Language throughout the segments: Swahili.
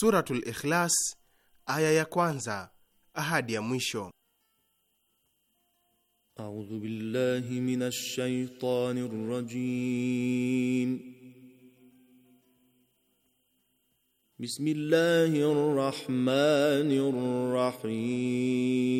Suratul Ikhlas aya ya kwanza ahadi ya mwisho. A'udhu billahi minash shaitanir rajim. Bismillahir rahmanir rahim.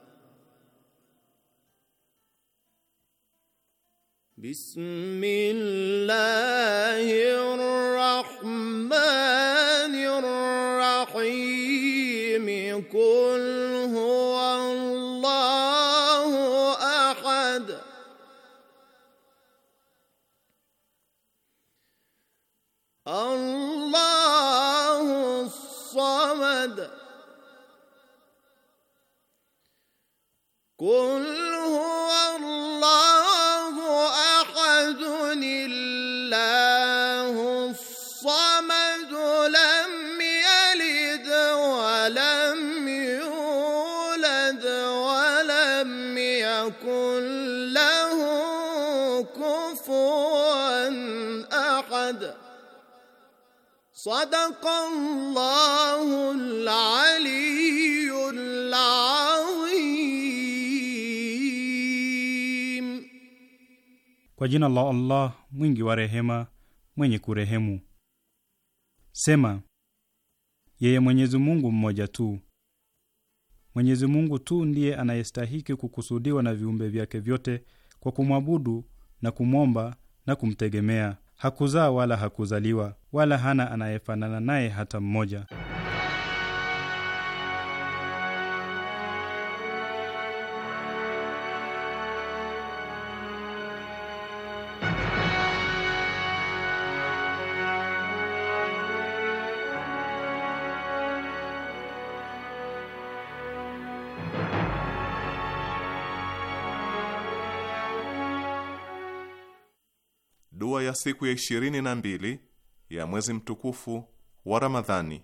بسم الله الرحمن الرحيم قل هو الله احد الله الصمد قل هو الله Sadaqallahul aliyyul azim. Kwa jina la Allah mwingi wa rehema mwenye kurehemu. Sema, yeye Mwenyezi Mungu mmoja tu. Mwenyezi Mungu tu ndiye anayestahiki kukusudiwa na viumbe vyake vyote kwa kumwabudu na kumwomba na kumtegemea hakuzaa wala hakuzaliwa wala hana anayefanana naye hata mmoja. ya siku ya ishirini na mbili ya mwezi mtukufu wa Ramadhani.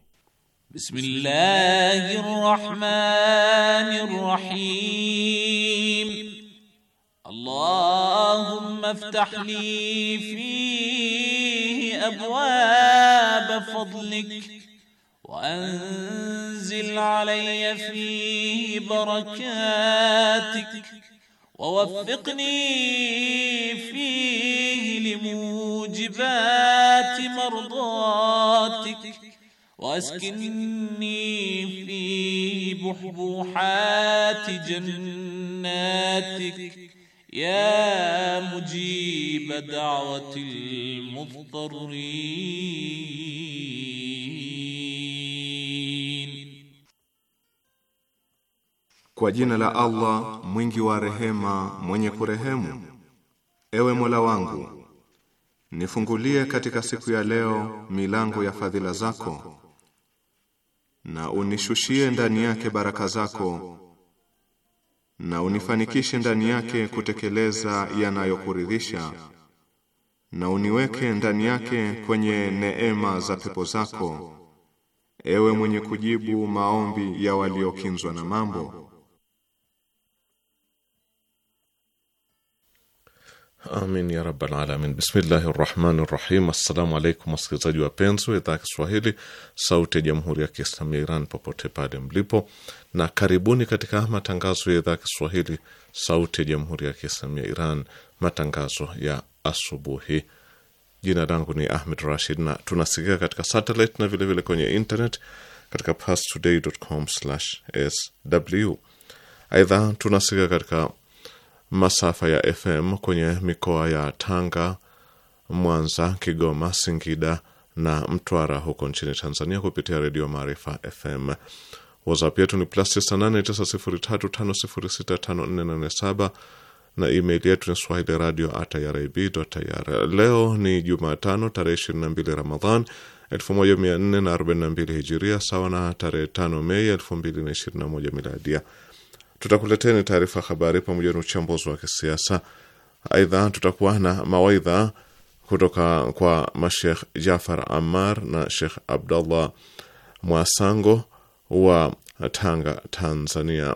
Bismillahir Rahmanir Rahim. Allahumma iftah li fihi abwab fadlik anzil علي فيه barakatik ووفقني فيه لموجبات مرضاتك واسكنني فيه بحبوحات جناتك يا مجيب دعوة المضطرين Kwa jina la Allah mwingi wa rehema, mwenye kurehemu. Ewe Mola wangu, nifungulie katika siku ya leo milango ya fadhila zako na unishushie ndani yake baraka zako na unifanikishe ndani yake kutekeleza yanayokuridhisha na uniweke ndani yake kwenye neema za pepo zako, ewe mwenye kujibu maombi ya waliokinzwa na mambo. Amin ya rabbal alamin. Bismillahi rahmani rahim. Assalamu alaikum wasikilizaji wapenzi wa idhaa ya Kiswahili sauti ya jamhuri ya Kiislamu ya Iran popote pale mlipo, na karibuni katika matangazo ya idhaa ya Kiswahili sauti ya jamhuri ya Kiislamu ya Iran, matangazo ya asubuhi. Jina langu ni Ahmed Rashid na tunasikika katika satellite na vilevile vile kwenye internet katika pastoday.com/sw. Aidha tunasikika katika masafa ya FM kwenye mikoa ya Tanga, Mwanza, Kigoma, Singida na Mtwara huko nchini Tanzania kupitia Redio Maarifa FM. WhatsApp yetu ni plus 989035065487 na email yetu ni swahili radio at irib ir. Leo ni Jumatano tarehe 22 Ramadhan 1442 Hijiria, sawa na tarehe 5 Mei 2021 Miladia. Tutakuleteni taarifa habari pamoja na uchambuzi wa kisiasa. Aidha, tutakuwa na mawaidha kutoka kwa mashekh Jafar amar na Shekh Abdallah Mwasango wa Tanga, Tanzania.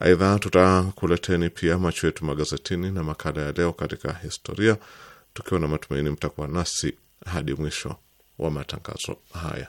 Aidha, tutakuleteni pia macho yetu magazetini na makala ya leo katika historia, tukiwa na matumaini mtakuwa nasi hadi mwisho wa matangazo haya.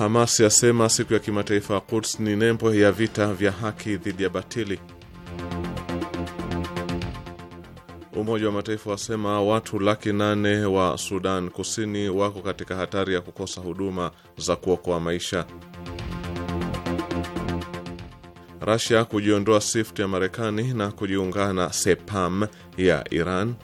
Hamas yasema siku ya kimataifa ya Quds ni nembo ya vita vya haki dhidi ya batili. Umoja wa Mataifa wasema watu laki nane wa Sudan Kusini wako katika hatari ya kukosa huduma za kuokoa maisha. Rasia kujiondoa SWIFT ya Marekani na kujiungana SEPAM ya Iran.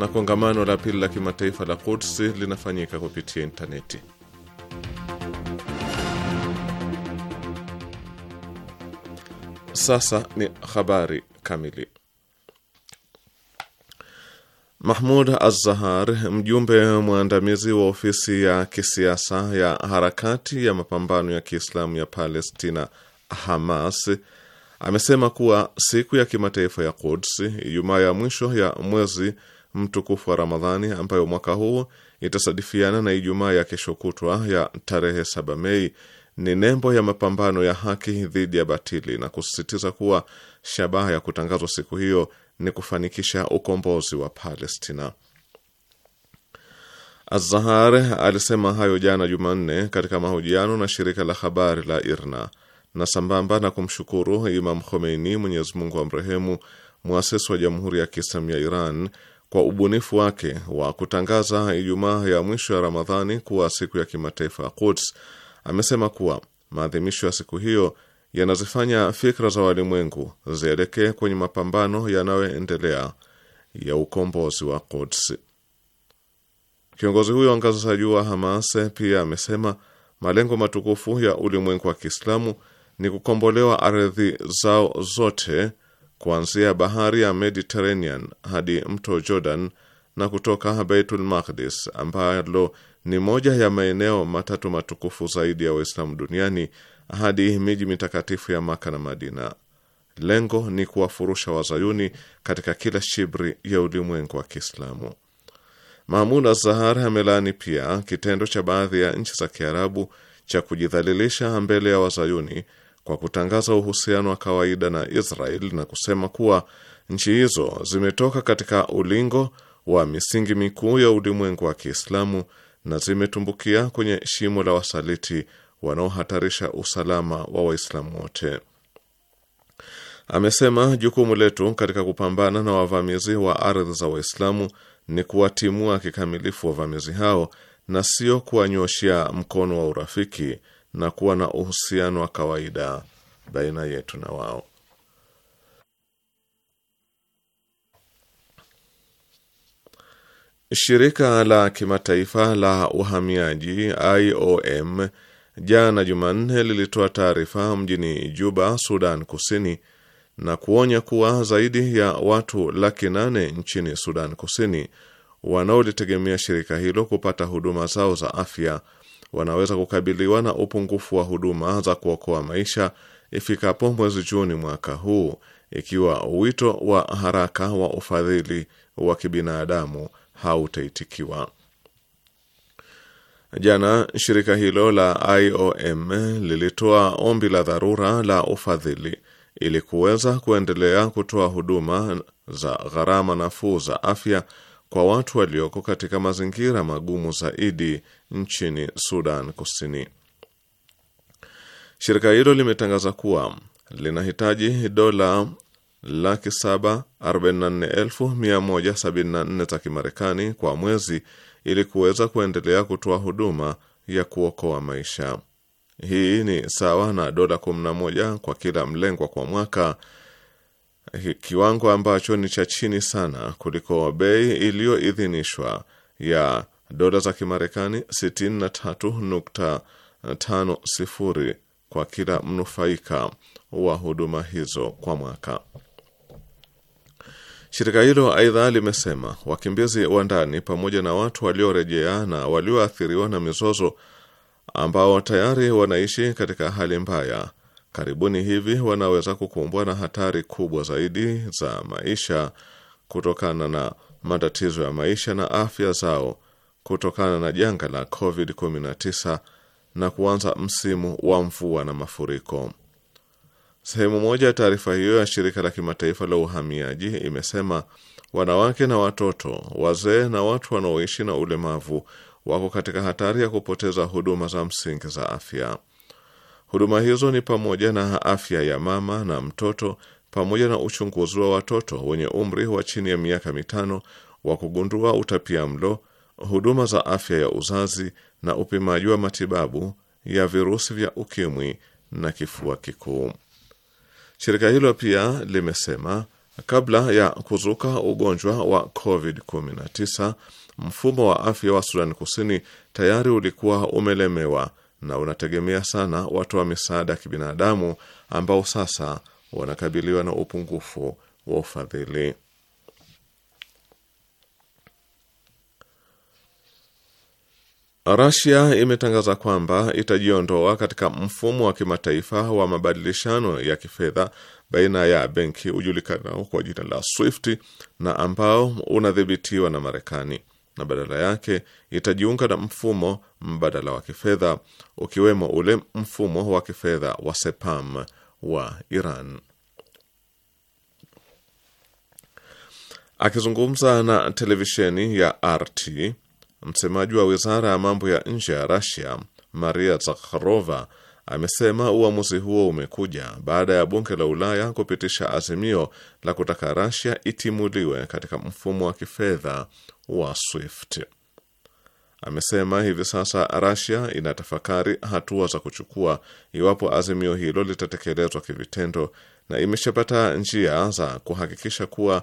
na kongamano la pili la kimataifa la Quds linafanyika kupitia intaneti. Sasa ni habari kamili. Mahmud Azzahar, mjumbe mwandamizi wa ofisi ya kisiasa ya harakati ya mapambano ya Kiislamu ya Palestina, Hamas, amesema kuwa siku ya kimataifa ya Quds, Ijumaa ya mwisho ya mwezi mtukufu wa Ramadhani ambayo mwaka huu itasadifiana na Ijumaa ya kesho kutwa ya tarehe 7 Mei ni nembo ya mapambano ya haki dhidi ya batili na kusisitiza kuwa shabaha ya kutangazwa siku hiyo ni kufanikisha ukombozi wa Palestina. Azahar alisema hayo jana Jumanne katika mahojiano na shirika la habari la IRNA na sambamba na kumshukuru Imam Khomeini, Mwenyezi Mungu amrehemu, mwasisi wa Jamhuri ya Kiislamu ya Iran kwa ubunifu wake wa kutangaza Ijumaa ya mwisho ya Ramadhani kuwa siku ya kimataifa ya Quds, amesema kuwa maadhimisho ya siku hiyo yanazifanya fikra za walimwengu zielekee kwenye mapambano yanayoendelea ya ukombozi wa Quds. Kiongozi huyo wa ngazi za juu wa Hamas pia amesema malengo matukufu ya ulimwengu wa Kiislamu ni kukombolewa ardhi zao zote kuanzia bahari ya Mediterranean hadi mto Jordan na kutoka Baitul Maqdis ambalo ni moja ya maeneo matatu matukufu zaidi ya Waislamu duniani hadi miji mitakatifu ya Maka na Madina. Lengo ni kuwafurusha wazayuni katika kila shibri ya ulimwengu wa Kiislamu. Mahmud Azahar amelaani pia kitendo cha baadhi ya nchi za Kiarabu cha kujidhalilisha mbele ya wazayuni kwa kutangaza uhusiano wa kawaida na Israel na kusema kuwa nchi hizo zimetoka katika ulingo wa misingi mikuu ya ulimwengu wa Kiislamu na zimetumbukia kwenye shimo la wasaliti wanaohatarisha usalama wa Waislamu wote. Amesema jukumu letu katika kupambana na wavamizi wa ardhi za Waislamu ni kuwatimua kikamilifu wavamizi hao na sio kuwanyoshea mkono wa urafiki na kuwa na uhusiano wa kawaida baina yetu na wao. Shirika la kimataifa la uhamiaji IOM jana Jumanne lilitoa taarifa mjini Juba, Sudan Kusini, na kuonya kuwa zaidi ya watu laki nane nchini Sudan Kusini wanaolitegemea shirika hilo kupata huduma zao za afya wanaweza kukabiliwa na upungufu wa huduma za kuokoa maisha ifikapo mwezi Juni mwaka huu, ikiwa wito wa haraka wa ufadhili wa kibinadamu hautaitikiwa. Jana shirika hilo la IOM lilitoa ombi la dharura la ufadhili ili kuweza kuendelea kutoa huduma za gharama nafuu za afya kwa watu walioko katika mazingira magumu zaidi nchini Sudan Kusini. Shirika hilo limetangaza kuwa linahitaji dola laki saba arobaini na nne elfu mia moja sabini na nne za Kimarekani kwa mwezi ili kuweza kuendelea kutoa huduma ya kuokoa maisha. Hii ni sawa na dola 11 kwa kila mlengwa kwa mwaka kiwango ambacho ni cha chini sana kuliko bei iliyoidhinishwa ya dola za Kimarekani 63.50 kwa kila mnufaika wa huduma hizo kwa mwaka. Shirika hilo aidha limesema wakimbizi wa ndani pamoja na watu waliorejea na walioathiriwa na mizozo ambao tayari wanaishi katika hali mbaya karibuni hivi wanaweza kukumbwa na hatari kubwa zaidi za maisha kutokana na matatizo ya maisha na afya zao kutokana na janga la COVID-19 na kuanza msimu wa mvua na mafuriko. Sehemu moja ya taarifa hiyo ya shirika la kimataifa la uhamiaji imesema wanawake na watoto, wazee na watu wanaoishi na ulemavu wako katika hatari ya kupoteza huduma za msingi za afya. Huduma hizo ni pamoja na afya ya mama na mtoto pamoja na uchunguzi wa watoto wenye umri wa chini ya miaka mitano wa kugundua utapia mlo, huduma za afya ya uzazi na upimaji wa matibabu ya virusi vya ukimwi na kifua kikuu. Shirika hilo pia limesema kabla ya kuzuka ugonjwa wa COVID-19, mfumo wa afya wa Sudani Kusini tayari ulikuwa umelemewa na unategemea sana watu wa misaada ya kibinadamu ambao sasa wanakabiliwa na upungufu wa ufadhili. Rasia imetangaza kwamba itajiondoa katika mfumo wa kimataifa wa mabadilishano ya kifedha baina ya benki ujulikanao kwa jina la Swift na ambao unadhibitiwa na Marekani na badala yake itajiunga na mfumo mbadala wa kifedha ukiwemo ule mfumo wa kifedha wa Sepam wa Iran. Akizungumza na televisheni ya RT, msemaji wa wizara ya mambo ya nje ya Rasia Maria Zakharova amesema uamuzi huo umekuja baada ya bunge la Ulaya kupitisha azimio la kutaka Rasia itimuliwe katika mfumo wa kifedha wa Swift. Amesema hivi sasa Russia inatafakari hatua za kuchukua iwapo azimio hilo litatekelezwa kivitendo na imeshapata njia za kuhakikisha kuwa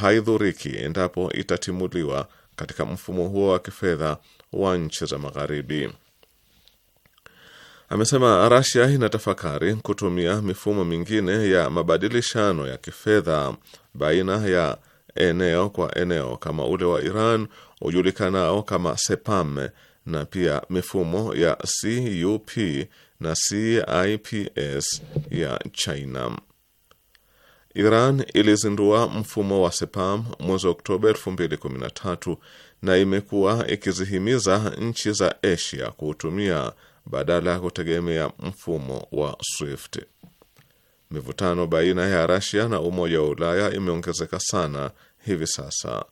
haidhuriki endapo itatimuliwa katika mfumo huo wa kifedha wa nchi za Magharibi. Amesema Russia inatafakari kutumia mifumo mingine ya mabadilishano ya kifedha baina ya eneo kwa eneo kama ule wa Iran ujulikanao kama SEPAM na pia mifumo ya CUP na CIPS ya China. Iran ilizindua mfumo wa SEPAM mwezi Oktoba 2013 na imekuwa ikizihimiza nchi za Asia kuutumia badala ya kutegemea mfumo wa SWIFT. Mivutano baina ya Rasia na Umoja wa Ulaya imeongezeka sana hivi sasa.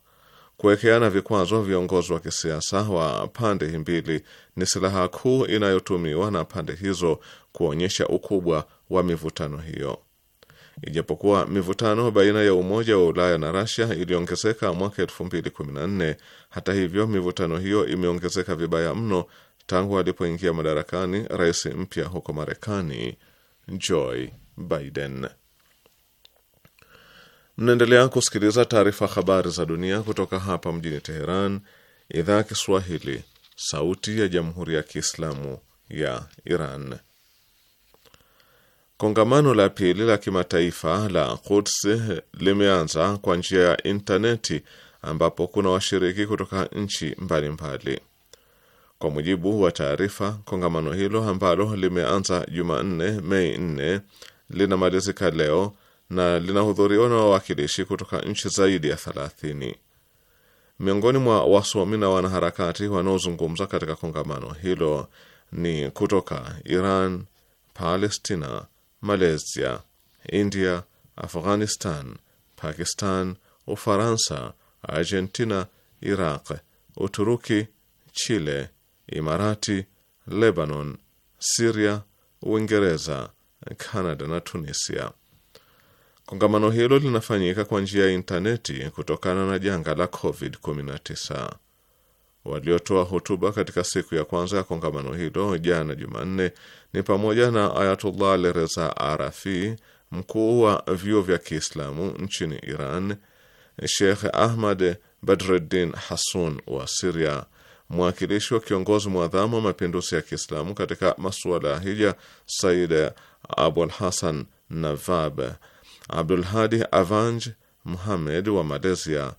Kuwekeana vikwazo viongozi wa kisiasa wa pande mbili ni silaha kuu inayotumiwa na pande hizo kuonyesha ukubwa wa mivutano hiyo. Ijapokuwa mivutano baina ya Umoja wa Ulaya na Rasia iliongezeka mwaka nne, hata hivyo mivutano hiyo imeongezeka vibaya mno tangu alipoingia madarakani rais mpya huko Marekani, Joe Biden. Mnaendelea kusikiliza taarifa habari za dunia kutoka hapa mjini Teheran, idhaa ya Kiswahili, sauti ya jamhuri ya kiislamu ya Iran. Kongamano la pili la kimataifa la Quds limeanza kwa njia ya intaneti ambapo kuna washiriki kutoka nchi mbalimbali. Kwa mujibu wa taarifa, kongamano hilo ambalo limeanza Jumanne Mei 4 linamalizika leo na linahudhuriwa na wawakilishi kutoka nchi zaidi ya thelathini. Miongoni mwa wasomi na wanaharakati wanaozungumza katika kongamano hilo ni kutoka Iran, Palestina, Malaysia, India, Afghanistan, Pakistan, Ufaransa, Argentina, Iraq, Uturuki, Chile, Imarati, Lebanon, Siria, Uingereza, canada na Tunisia. Kongamano hilo linafanyika kwa njia ya intaneti kutokana na janga la COVID-19. Waliotoa hotuba katika siku ya kwanza ya kongamano hilo jana Jumanne ni pamoja na Ayatullah Ali Arafi, mkuu wa vyuo vya Kiislamu nchini Iran, Sheikh Ahmad Badreddin Hassun wa Siria, mwakilishi wa kiongozi mwadhamu wa mapinduzi ya Kiislamu katika masuala ya hija Said Abul Hasan Navab Abdulhadi Avanj muhammed wa Malaysia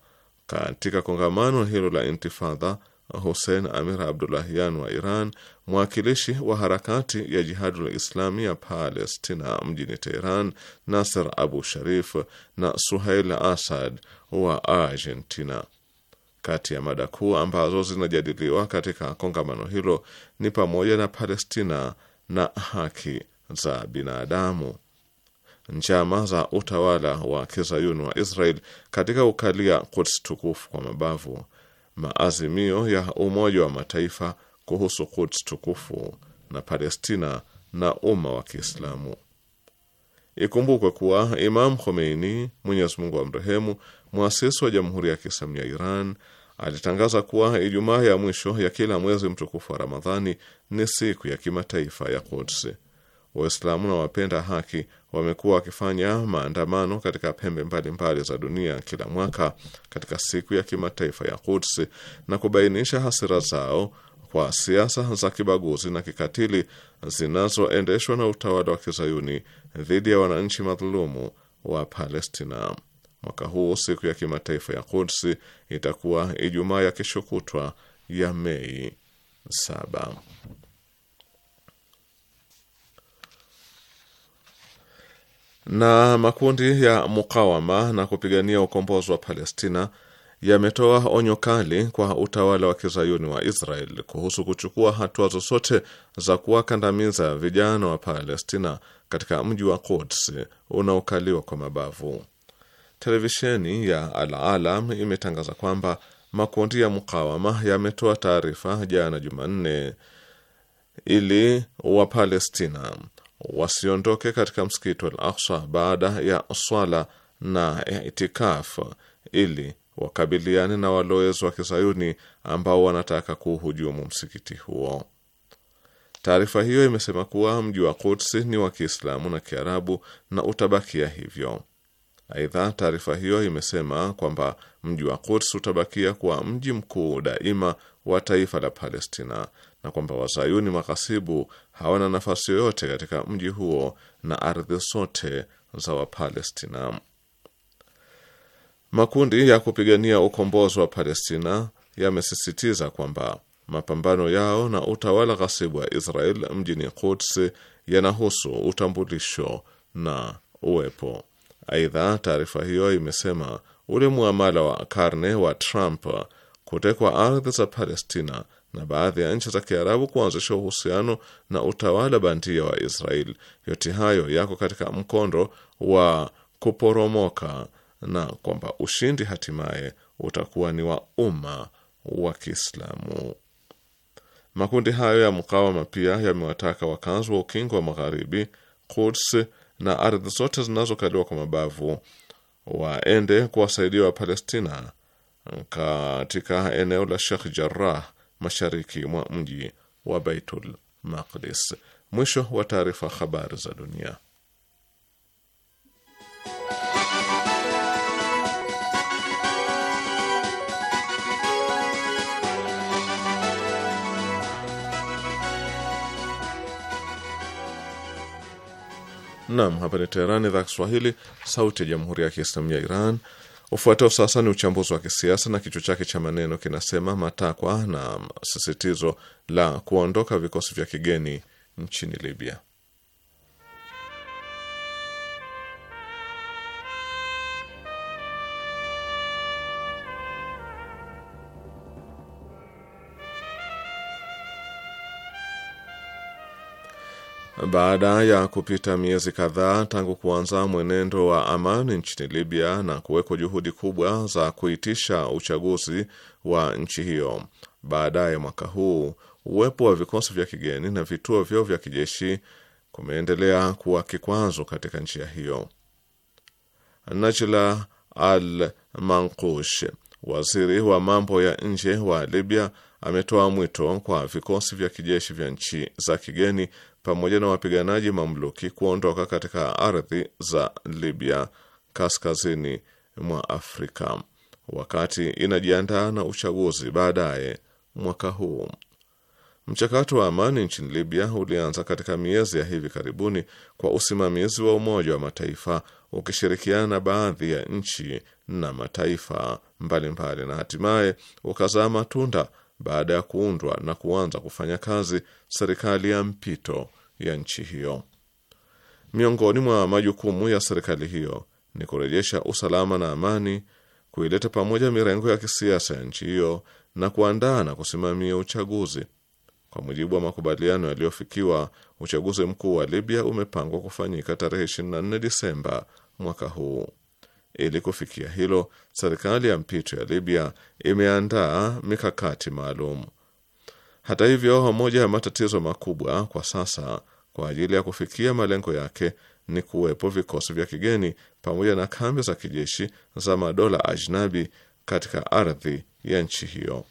katika kongamano hilo la Intifadha, Hussein Amir Abdullahian wa Iran, mwakilishi wa harakati ya Jihadul Islami ya Palestina mjini Teheran, Nasser Abu Sharif na Suhail Asad wa Argentina. Kati ya mada kuu ambazo zinajadiliwa katika kongamano hilo ni pamoja na Palestina na haki za binadamu njama za utawala wa kizayuni wa Israel katika ukalia Quds tukufu kwa mabavu, maazimio ya Umoja wa Mataifa kuhusu Quds tukufu na Palestina na umma wa Kiislamu. Ikumbukwe kuwa Imam Khomeini, Mwenyezi Mungu amrehemu, mwasisi wa Jamhuri ya Kiislamu ya Iran, alitangaza kuwa Ijumaa ya mwisho ya kila mwezi mtukufu wa Ramadhani ni siku ya kimataifa ya Quds. Waislamu na wapenda haki wamekuwa wakifanya maandamano katika pembe mbalimbali za dunia kila mwaka katika siku ya kimataifa ya Quds na kubainisha hasira zao kwa siasa za kibaguzi na kikatili zinazoendeshwa na utawala wa kizayuni dhidi ya wananchi madhulumu wa Palestina. Mwaka huu siku ya kimataifa ya Quds itakuwa Ijumaa ya kesho kutwa ya Mei saba. na makundi ya mukawama na kupigania ukombozi wa Palestina yametoa onyo kali kwa utawala wa kizayuni wa Israel kuhusu kuchukua hatua zozote za kuwakandamiza vijana wa Palestina katika mji wa Quds unaokaliwa kwa mabavu. Televisheni ya Al Alam imetangaza kwamba makundi ya mukawama yametoa taarifa jana Jumanne ili Wapalestina wasiondoke katika msikiti Al Aksa baada ya swala na itikaf ili wakabiliane na walowezi wa kizayuni ambao wanataka kuuhujumu msikiti huo. Taarifa hiyo imesema kuwa mji wa kutsi ni wa Kiislamu na Kiarabu na utabakia hivyo. Aidha, taarifa hiyo imesema kwamba mji wa Quds utabakia kuwa mji mkuu daima wa taifa la Palestina na kwamba wazayuni maghasibu hawana nafasi yoyote katika mji huo na ardhi zote za Wapalestina. Makundi ya kupigania ukombozi wa Palestina yamesisitiza kwamba mapambano yao na utawala ghasibu wa Israel mjini Quds yanahusu utambulisho na uwepo. Aidha, taarifa hiyo imesema ule wa karne wa Trump kutekwa ardhi za Palestina na baadhi ya nchi za Kiarabu kuanzisha uhusiano na utawala bandia wa Israel. Yote hayo yako katika mkondo wa kuporomoka na kwamba ushindi hatimaye utakuwa ni wa umma wa Kiislamu. Makundi hayo ya mkawama pia yamewataka wakazi wa ukingo wa magharibi, Quds na ardhi zote zinazokaliwa kwa mabavu waende kuwasaidia Wapalestina katika eneo la Sheikh Jarrah mashariki mwa mji wa Baitul Maqdis. Mwisho wa taarifa. Habari za dunia. Nam, hapa ni Teherani, idhaa Kiswahili, sauti ya jamhuri ya kiislamu ya Iran. Ufuatao sasa ni uchambuzi wa kisiasa na kichwa chake cha maneno kinasema matakwa na sisitizo la kuondoka vikosi vya kigeni nchini Libya. Baada ya kupita miezi kadhaa tangu kuanza mwenendo wa amani nchini Libya na kuwekwa juhudi kubwa za kuitisha uchaguzi wa nchi hiyo baadaye mwaka huu, uwepo wa vikosi vya kigeni na vituo vyao vya kijeshi kumeendelea kuwa kikwazo katika njia hiyo. Najla Al Manqush, waziri wa mambo ya nje wa Libya, ametoa mwito kwa vikosi vya kijeshi vya nchi za kigeni pamoja na wapiganaji mamluki kuondoka katika ardhi za Libya kaskazini mwa Afrika wakati inajiandaa na uchaguzi baadaye mwaka huu. Mchakato wa amani nchini Libya ulianza katika miezi ya hivi karibuni kwa usimamizi wa Umoja wa Mataifa ukishirikiana na baadhi ya nchi na mataifa mbalimbali, na hatimaye ukazaa matunda baada ya kuundwa na kuanza kufanya kazi serikali ya mpito ya nchi hiyo. Miongoni mwa majukumu ya serikali hiyo ni kurejesha usalama na amani, kuileta pamoja mirengo ya kisiasa ya nchi hiyo na kuandaa na kusimamia uchaguzi. Kwa mujibu wa makubaliano yaliyofikiwa, uchaguzi mkuu wa Libya umepangwa kufanyika tarehe 24 Disemba mwaka huu. Ili kufikia hilo, serikali ya mpito ya Libya imeandaa mikakati maalum. Hata hivyo, moja ya matatizo makubwa kwa sasa kwa ajili ya kufikia malengo yake ni kuwepo vikosi vya kigeni pamoja na kambi za kijeshi za madola ajnabi katika ardhi ya nchi hiyo.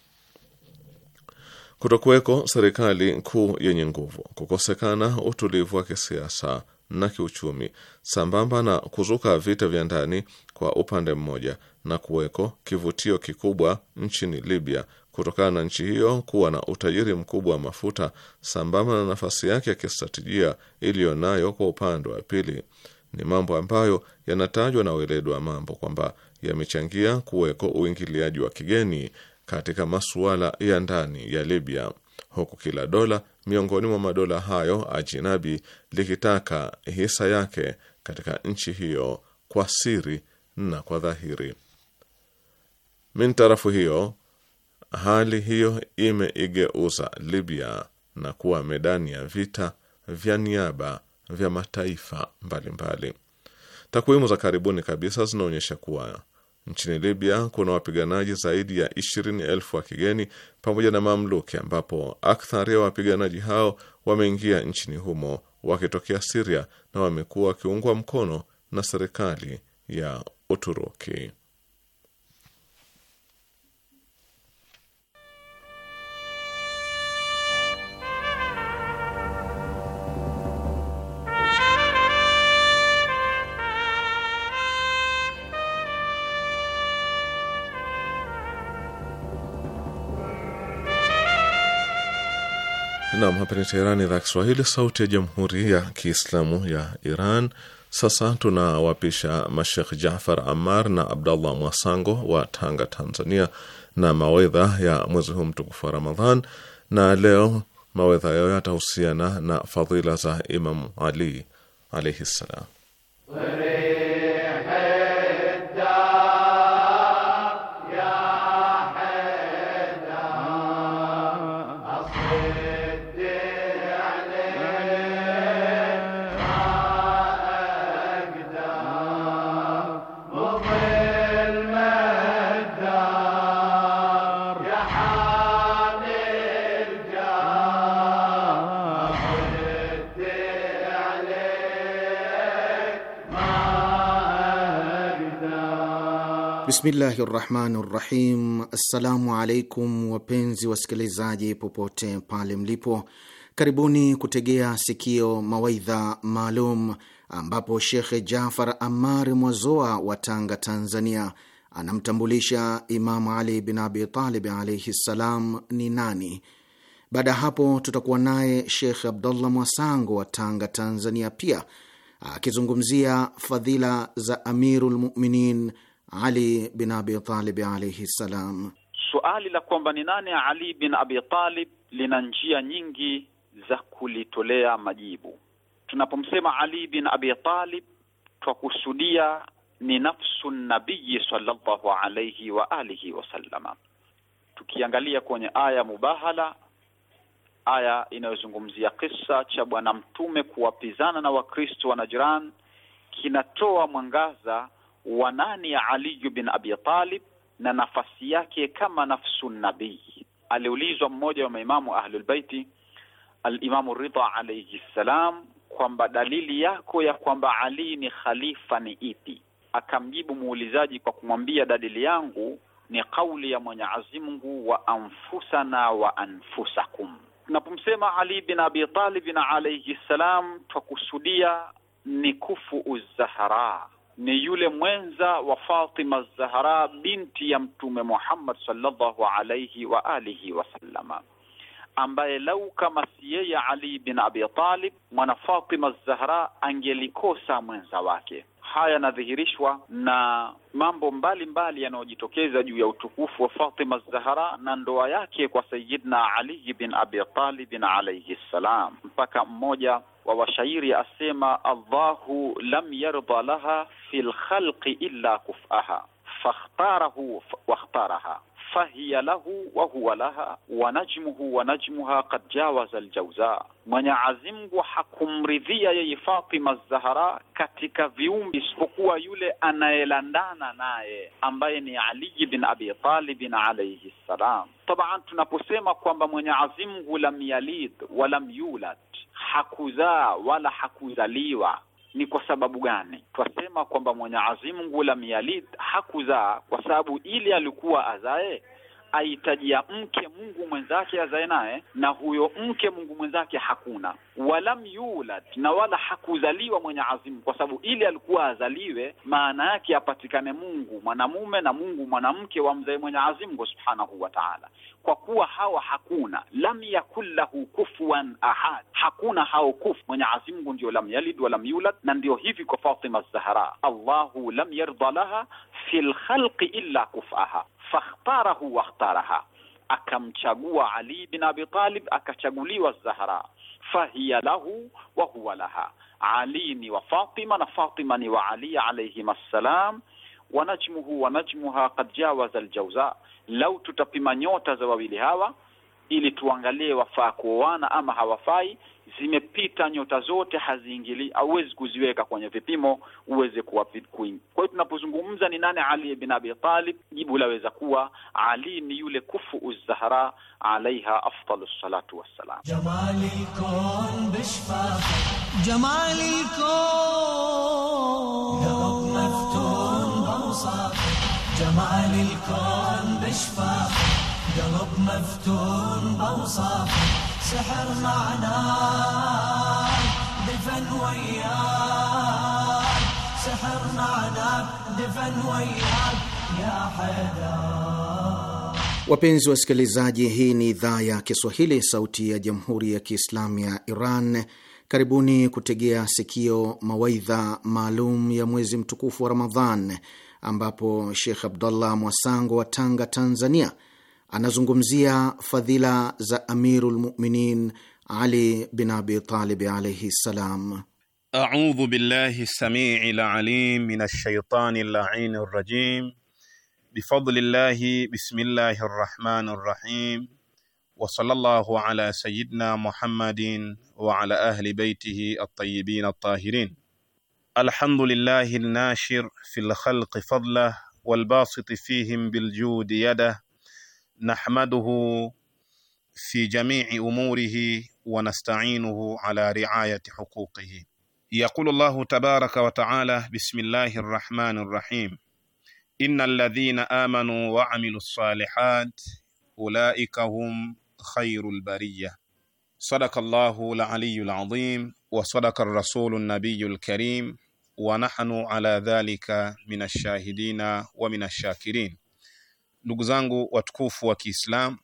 Kutokuweko serikali kuu yenye nguvu, kukosekana utulivu wa kisiasa na kiuchumi, sambamba na kuzuka vita vya ndani kwa upande mmoja, na kuweko kivutio kikubwa nchini Libya kutokana na nchi hiyo kuwa na utajiri mkubwa wa mafuta sambamba na nafasi yake ya kistratejia iliyo nayo kwa upande wa pili, ni mambo ambayo yanatajwa na weledi wa mambo kwamba yamechangia kuweko uingiliaji wa kigeni katika masuala ya ndani ya Libya, huku kila dola miongoni mwa madola hayo ajinabi likitaka hisa yake katika nchi hiyo kwa siri na kwa dhahiri. Mintarafu hiyo Hali hiyo imeigeuza Libya na kuwa medani ya vita vya niaba vya mataifa mbalimbali. Takwimu za karibuni kabisa zinaonyesha kuwa nchini Libya kuna wapiganaji zaidi ya ishirini elfu wa kigeni pamoja na mamluki, ambapo akthari ya wapiganaji hao wameingia nchini humo wakitokea Siria na wamekuwa wakiungwa mkono na serikali ya Uturuki. Nam, hapa ni Teherani, idhaa Kiswahili, sauti ya jamhuri ya kiislamu ya Iran. Sasa tunawapisha Mashekh Jafar Amar na Abdallah Mwasango wa Tanga, Tanzania, na mawedha ya mwezi huu mtukufu wa Ramadhan. Na leo mawedha yao yatahusiana na fadhila za Imamu Ali alaihi ssalam. Bismillahi rahmani rahim. Assalamu alaikum wapenzi wasikilizaji, popote pale mlipo, karibuni kutegea sikio mawaidha maalum ambapo Shekhe Jafar Amari Mwazoa wa Tanga, Tanzania, anamtambulisha Imamu Ali bin Abi Talib alaihi ssalam ni nani. Baada ya hapo, tutakuwa naye Shekh Abdullah Mwasango wa Tanga, Tanzania, pia akizungumzia fadhila za Amirulmuminin Muminin ali bin Abi Talib alaihi ssalam. Suali la kwamba ni nani Ali bin Abi Talib lina njia nyingi za kulitolea majibu. Tunapomsema Ali bin Abi Talib twakusudia ni nafsu nabiyi sallallahu alaihi wa alihi wasallama. Tukiangalia kwenye aya mubahala, aya inayozungumzia kisa cha Bwana Mtume kuwapizana na Wakristo wa Najran, kinatoa mwangaza wa nani ya Ali bin Abi Talib na nafasi yake kama nafsu nabii. Aliulizwa mmoja wa maimamu Ahlulbaiti, Alimamu Ridha alayhi ssalam, kwamba dalili yako ya kwamba Ali ni khalifa ni ipi? Akamjibu muulizaji kwa kumwambia dalili yangu ni kauli ya Mwenyezi Mungu, wa anfusana wa anfusakum. Tunapomsema Ali bin Abi Talib alayhi ssalam, twakusudia ni kufu Uzzahra ni yule mwenza wa Fatima Zahra binti ya Mtume Muhammad sallallahu alayhi wa alihi wasallama, ambaye lau kama si yeye Ali bin Abi Talib mwana Fatima Zahra angelikosa mwenza wake. Haya yanadhihirishwa na mambo mbalimbali yanayojitokeza juu ya utukufu wa Fatima Zahra na ndoa yake kwa Sayyidina Ali bin Abi Talib alayhi salam, mpaka mmoja ووشعير أسيما الله لم يرضى لها في الخلق إلا كفأها فاختاره واختارها fahiya lahu wa huwa laha wa najmuhu wa najmuha qad jawaza aljawza, Mwenyezi Mungu hakumridhia yeye Fatima Zahara katika viumbi isipokuwa yule anayelandana naye ambaye ni Ali bin Abi Talib alayhi salam. Taban, tunaposema kwamba Mwenyezi Mungu lam yalid wa lam yulad, hakuzaa wala hakuzaliwa ni kwa sababu gani? Twasema kwamba Mwenyezi Mungu lam yalid, hakuzaa kwa sababu ili alikuwa azae aitajia mke Mungu mwenzake azae naye, na huyo mke Mungu mwenzake hakuna, walam yulad, na wala hakuzaliwa mwenye azimu, kwa sababu ili alikuwa azaliwe, maana yake apatikane Mungu mwanamume na Mungu mwanamke wamzae mwenye azimu subhanahu wa ta'ala. Kwa kuwa hawa hakuna, lam yakul lahu kufuwan ahad, hakuna hao kufu. Mwenye azimu ndio lam yalid walam yulad, na ndio hivi kwa Fatima Zahra, Allahu lam yarda laha fil khalqi illa kufaha fakhtarahu wakhtaraha, akamchagua Ali bin Abi Talib, akachaguliwa Zahra. Fahiya lahu wa huwa laha, Ali ni wa Fatima na Fatima ni wa Ali alayhim assalam. Wa najmuhu wa najmuha qad jawaza aljawza, lau tutapima nyota za wawili hawa ili tuangalie wafaa kuoana ama hawafai zimepita nyota zote, haziingili, hauwezi kuziweka kwenye vipimo uweze kuwa queen. Kwa hiyo tunapozungumza ni nani Ali bin Abi Talib, jibu laweza kuwa Ali ni yule kufu uzzahra alaiha afdalus salatu wassalam. سحر معنا دفن وياك سحر معنا دفن وياك يا حدا Wapenzi wasikilizaji, hii ni idhaa ya Kiswahili, sauti ya jamhuri ya kiislamu ya Iran. Karibuni kutegea sikio mawaidha maalum ya mwezi mtukufu wa Ramadhan, ambapo Shekh abdullah Mwasango wa Tanga, Tanzania anazungumzia fadhila za Amiru lmuminin Ali bin Abi Talib alaihi ssalam. Audhu billahi samii lalim min alshaitani llain rajim bifadli llahi bismillahi rrahmani rrahim wa sallallahu ala sayidina Muhammadin wa ala ahli baitihi altayibin altahirin alhamdulillahi lnashir fi lkhalqi fadlah walbasiti fihim biljudi yadah نحمده في جميع اموره ونستعينه على رعايه حقوقه يقول الله تبارك وتعالى بسم الله الرحمن الرحيم ان الذين امنوا وعملوا الصالحات اولئك هم خير البريه صدق الله العلي العظيم وصدق الرسول النبي الكريم ونحن على ذلك من الشاهدين ومن الشاكرين Ndugu zangu watukufu wa kiislam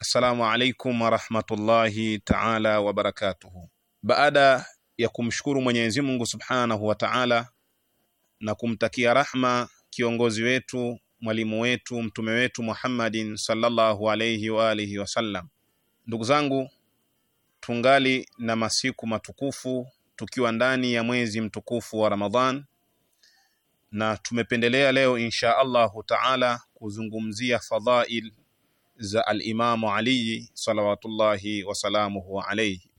assalamu alaikum warahmatullahi taala wabarakatuhu. Baada ya kumshukuru Mwenyezi Mungu subhanahu wa taala na kumtakia rahma kiongozi wetu mwalimu wetu mtume wetu Muhammadin sallallahu alaihi wa alihi wasallam, ndugu zangu, tungali na masiku matukufu tukiwa ndani ya mwezi mtukufu wa Ramadhan na tumependelea leo insha Allahu taala kuzungumzia fadhail za alimamu Ali salawatullahi wasalamuhu alaihi,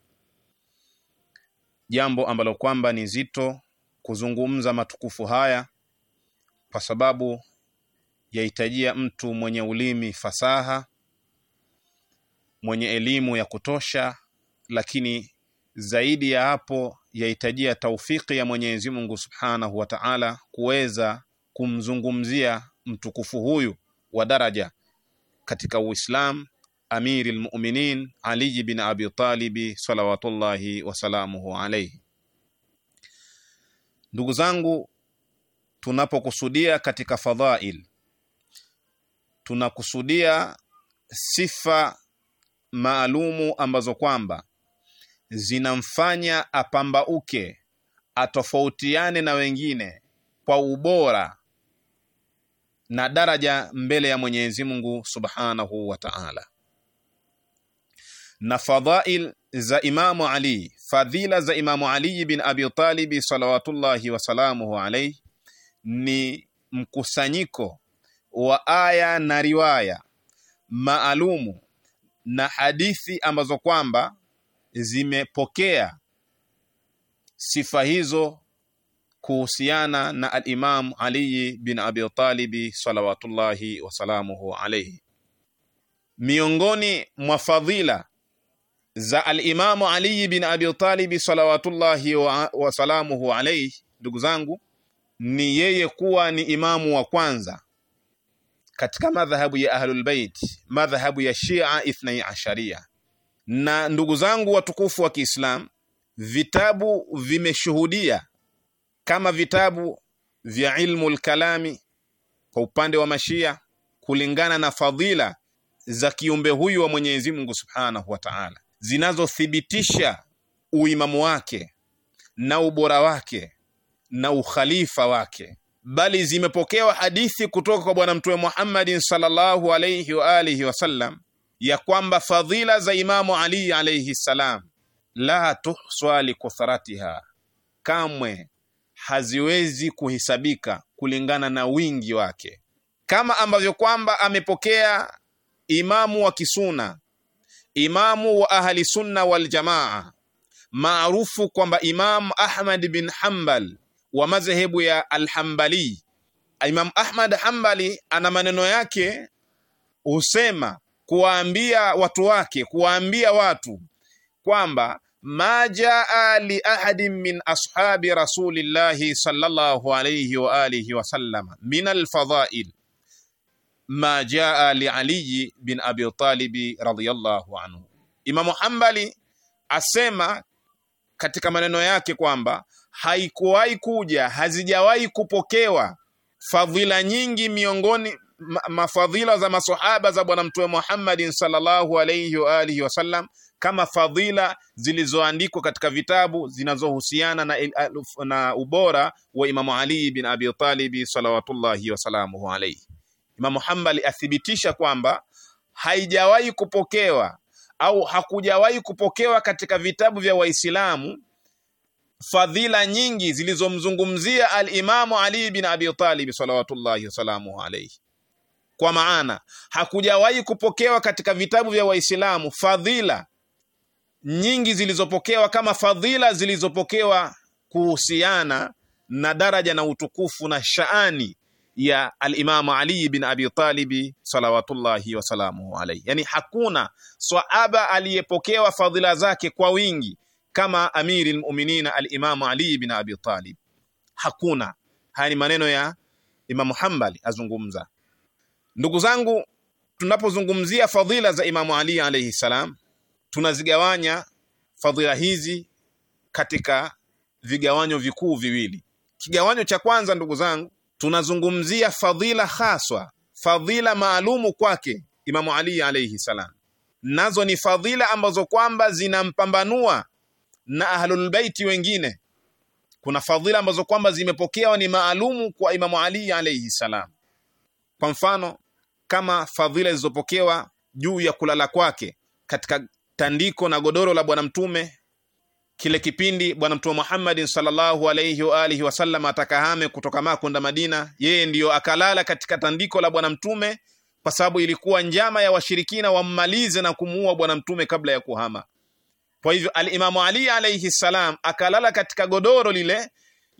jambo ambalo kwamba ni zito kuzungumza matukufu haya kwa sababu yahitajia mtu mwenye ulimi fasaha, mwenye elimu ya kutosha, lakini zaidi ya hapo yahitajia taufiki ya Mwenyezi Mungu Subhanahu wa Ta'ala kuweza kumzungumzia mtukufu huyu wa daraja katika Uislam, Amiri lmuminin Ali bin Abi Talibi salawatullahi wasalamuhu alaihi. Ndugu zangu, tunapokusudia katika fadhail, tunakusudia sifa maalumu ambazo kwamba zinamfanya apambauke, atofautiane na wengine kwa ubora na daraja mbele ya Mwenyezi Mungu Subhanahu wa Ta'ala. Na fadhail za Imamu Ali, fadhila za Imamu Ali bin Abi Talib salawatullahi wasalamuhu alayhi ni mkusanyiko wa aya na riwaya maalumu na hadithi ambazo kwamba zimepokea sifa hizo kuhusiana na al-Imam Ali bin Abi Talibi salawatullahi wasalamuhu alayhi. Miongoni mwa fadhila za al-Imam Ali bin Abi Talibi salawatullahi wasalamuhu alayhi, ndugu zangu, ni yeye kuwa ni imamu wa kwanza katika madhhabu ya Ahlul Bait, madhhabu ya Shia Ithnai Asharia. Na ndugu zangu watukufu wa Kiislamu, vitabu vimeshuhudia kama vitabu vya ilmu lkalami kwa upande wa Mashia, kulingana na fadhila za kiumbe huyu wa Mwenyezi Mungu Subhanahu wa Ta'ala, zinazothibitisha uimamu wake na ubora wake na ukhalifa wake, bali zimepokewa hadithi kutoka kwa Bwana Mtume Muhammadin sallallahu alayhi wa alihi wasallam ya kwamba fadhila za Imamu Ali alayhi salam la tuhswa likuthratiha, kamwe haziwezi kuhisabika kulingana na wingi wake, kama ambavyo kwamba amepokea imamu wa kisuna, imamu wa ahli sunna wal jamaa, maarufu kwamba Imamu Ahmad bin Hanbal wa madhehebu ya Alhambali. imamu Ahmad Hanbali ana maneno yake husema kuwaambia watu wake, kuwaambia watu kwamba jaa li ahadin min ashabi rasulillahi sallallahu alayhi wa alihi sallam min alfadhail ma jaa li Ali bin Abi Talib radiyallahu anhu. Imamu Hanbali asema katika maneno yake kwamba haikuwahi kuja, hazijawahi kupokewa fadhila nyingi miongoni mafadhila za masahaba za Bwana Mtume Muhammadin sallallahu alayhi wa alihi wasallam kama fadhila zilizoandikwa katika vitabu zinazohusiana na, na ubora wa Imamu Ali bin Abi Talib salawatullahi wasalamuhu alayhi. Imamu Hanbali athibitisha kwamba haijawahi kupokewa au hakujawahi kupokewa katika vitabu vya Waislamu fadhila nyingi zilizomzungumzia alimamu Ali bin Abi Talib salawatullahi wasalamuhu alayhi. Kwa maana hakujawahi kupokewa katika vitabu vya Waislamu fadhila nyingi zilizopokewa kama fadhila zilizopokewa kuhusiana na daraja na utukufu na shaani ya alimamu Ali bin Abi Talib salawatullahi wasalamuhu alaihi. Yani hakuna swahaba aliyepokewa fadhila zake kwa wingi kama amiri lmuminina alimamu Ali bin Abi Talib. Hakuna. Haya ni maneno ya Imamu Hambali azungumza. Ndugu zangu, tunapozungumzia fadhila za Imamu Ali alaihi salam, tunazigawanya fadhila hizi katika vigawanyo vikuu viwili. Kigawanyo cha kwanza, ndugu zangu, tunazungumzia fadhila haswa, fadhila maalumu kwake Imamu Ali alaihi salam, nazo ni fadhila ambazo kwamba zinampambanua na ahlulbeiti wengine. Kuna fadhila ambazo kwamba zimepokewa ni maalumu kwa Imamu Ali alaihi salam. Kwa mfano kama fadhila zilizopokewa juu ya kulala kwake katika tandiko na godoro la Bwana Mtume kile kipindi Bwana Mtume Muhammadin sallallahu alayhi wa alihi wasallam atakahame kutoka Maka Madina, yeye ndiyo akalala katika tandiko la Bwana Mtume kwa sababu ilikuwa njama ya washirikina wammalize na kumuua Bwana Mtume kabla ya kuhama. Kwa hivyo, Alimamu Ali alayhi salam akalala katika godoro lile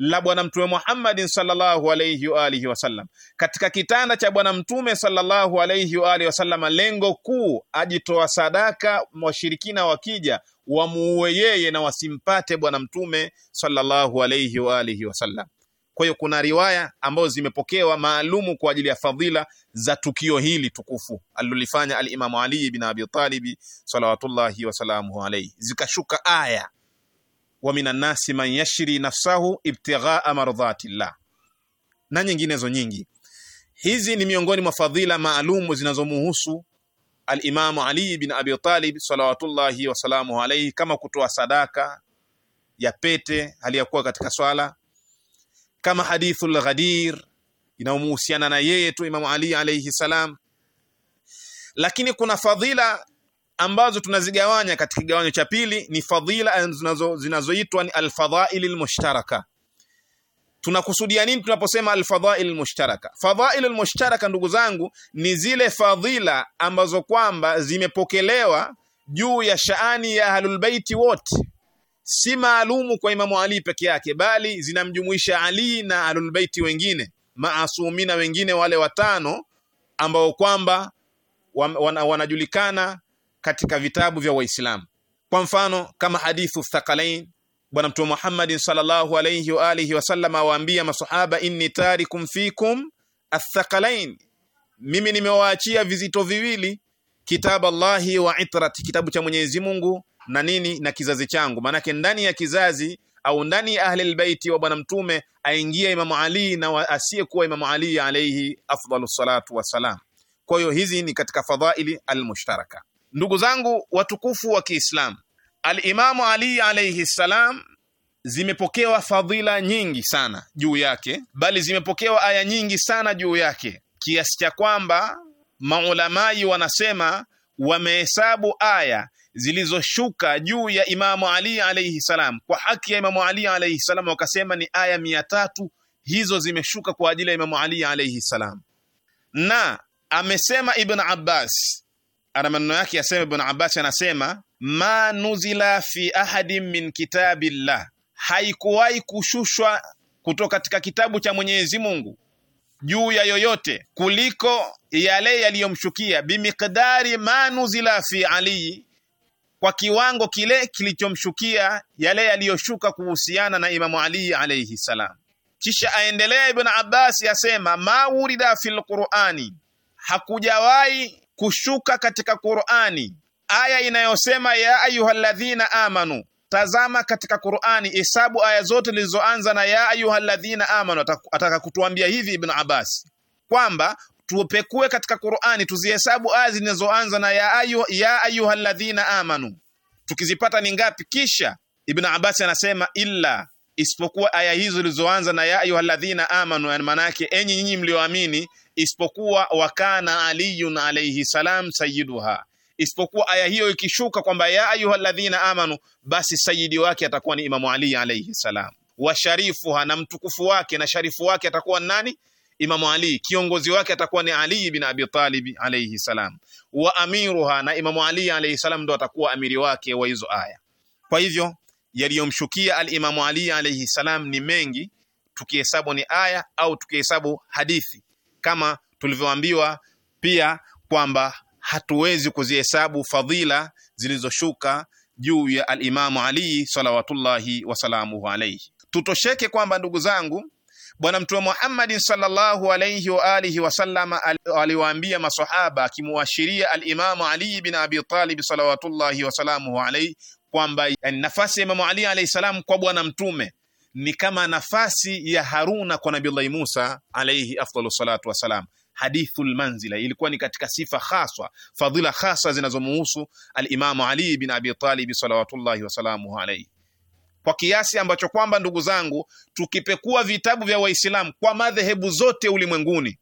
la Bwana Mtume Muhammadin sallallahu alayhi wa alihi wasallam, katika kitanda cha Bwana Mtume sallallahu alayhi wa alihi wasallam, lengo kuu ajitoa sadaka, washirikina wakija wamuue yeye na wasimpate Bwana Mtume sallallahu alayhi wa alihi wasallam. Kwa hiyo kuna riwaya ambazo zimepokewa maalumu kwa ajili ya fadhila za tukio hili tukufu alilolifanya alimamu Ali bin Abi Talib salawatullahi wasalamuhu alayhi, zikashuka aya wa minannasi man yashri nafsahu ibtighaa llah na nyinginezo nyingi. Hizi ni miongoni mwa fadhila maalumu zinazomuhusu Alimamu Ali bin Abi Talib salawatullahi wasalamu alaihi, kama kutoa sadaka ya pete hali ya kuwa katika swala, kama hadithul ghadir inayomuhusiana na yeye tu Imamu Ali alaihi salam. Lakini kuna fadhila ambazo tunazigawanya katika kigawanyo cha pili ni fadhila zinazo zinazoitwa ni alfadhail almushtaraka. Tunakusudia nini tunaposema alfadhail almushtaraka? Fadhail almushtaraka, ndugu zangu, ni zile fadhila ambazo kwamba zimepokelewa juu ya shaani ya ahlulbeiti wote, si maalumu kwa Imamu Ali peke yake, bali zinamjumuisha Ali na ahlulbeiti wengine maasumina wengine wale watano ambao kwamba wanajulikana katika vitabu vya Waislamu. Kwa mfano kama hadithu Thakalain, Bwana Mtume Muhammad sallallahu alayhi wa alihi wasallam awaambia masahaba, inni tarikum fikum athaqalain, mimi nimewaachia vizito viwili, kitabu Allahi wa itrati, kitabu cha Mwenyezi Mungu na nini na kizazi changu. Maanake ndani ya kizazi au ndani ya ahli albayti wa Bwana Mtume aingia Imamu Ali na asiyekuwa Imamu Ali alayhi afdalu salatu wassalam. Kwa hiyo hizi ni katika fadhaili almushtaraka. Ndugu zangu watukufu wa Kiislamu, Alimamu Ali alayhi salam, zimepokewa fadhila nyingi sana juu yake, bali zimepokewa aya nyingi sana juu yake, kiasi cha kwamba maulamai wanasema wamehesabu aya zilizoshuka juu ya Imamu Ali alayhi salam kwa haki ya Imamu Ali alayhi salam, wakasema ni aya mia tatu. Hizo zimeshuka kwa ajili ya Imamu Ali alayhi salam, na amesema Ibn Abbas ana maneno yake yasema, Ibn Abbas anasema ma nuzila fi ahadin min kitabillah, haikuwahi kushushwa kutoka katika kitabu cha Mwenyezi Mungu juu ya yoyote kuliko yale yaliyomshukia, bimiqdari ma nuzila fi Ali, kwa kiwango kile kilichomshukia yale yaliyoshuka kuhusiana na Imamu Ali alayhi salam. Kisha aendelea Ibn Abbas yasema ma wurida fil Qur'ani, hakujawahi kushuka katika Qur'ani aya inayosema ya ayyuhalladhina amanu. Tazama katika Qur'ani, hesabu aya zote zilizoanza na ya ayyuhalladhina amanu. Ataka kutuambia hivi Ibn Abbas kwamba tupekue katika Qur'ani tuzihesabu aya zinazoanza na ya ayu ya ayyuhalladhina amanu, tukizipata ni ngapi? Kisha Ibn Abbas anasema illa isipokuwa aya hizo zilizoanza na ya ladhina amanu, yani yake enyi nyinyi mlioamini, isipokuwa wakana aliyun alayhi salam sayyiduha, isipokuwa aya hiyo ikishuka kwamba ya ayuhalladhina amanu, basi sayidi wake atakuwa ni Imamu Ali alayhi salam, wa sharifuha, na mtukufu wake na sharifu wake atakuwa nani? Imamu Ali. Kiongozi wake atakuwa ni Ali bin Abi Talib alayhi salam, wa amiruha, na Imamu Ali alayhi salam ndo atakuwa amiri wake wa hizo aya. Kwa hivyo yaliyomshukia alimamu Ali alayhi salam ni mengi, tukihesabu ni aya au tukihesabu hadithi, kama tulivyoambiwa pia kwamba hatuwezi kuzihesabu fadhila zilizoshuka juu ya alimamu Ali salawatullahi wasalamuhu alayhi. Tutosheke kwamba ndugu zangu, Bwana Mtume Muhammadin sallallahu alayhi wa alihi wasallam aliwaambia masahaba akimuashiria alimamu Ali bin Abi Talib salawatullahi wasalamuhu alayhi kwamba yani, nafasi ya Imamu Ali alayhi salam kwa Bwana Mtume ni kama nafasi ya Haruna kwa Nabiullahi Musa alayhi afdalu salatu wassalam. Hadithul manzila ilikuwa ni katika sifa haswa, fadhila hasa zinazomuhusu alimamu Ali bin Abi Talib salawatullahi wasalamuhu alayhi, kwa kiasi ambacho kwamba, ndugu zangu, tukipekua vitabu vya Waislamu kwa madhehebu zote ulimwenguni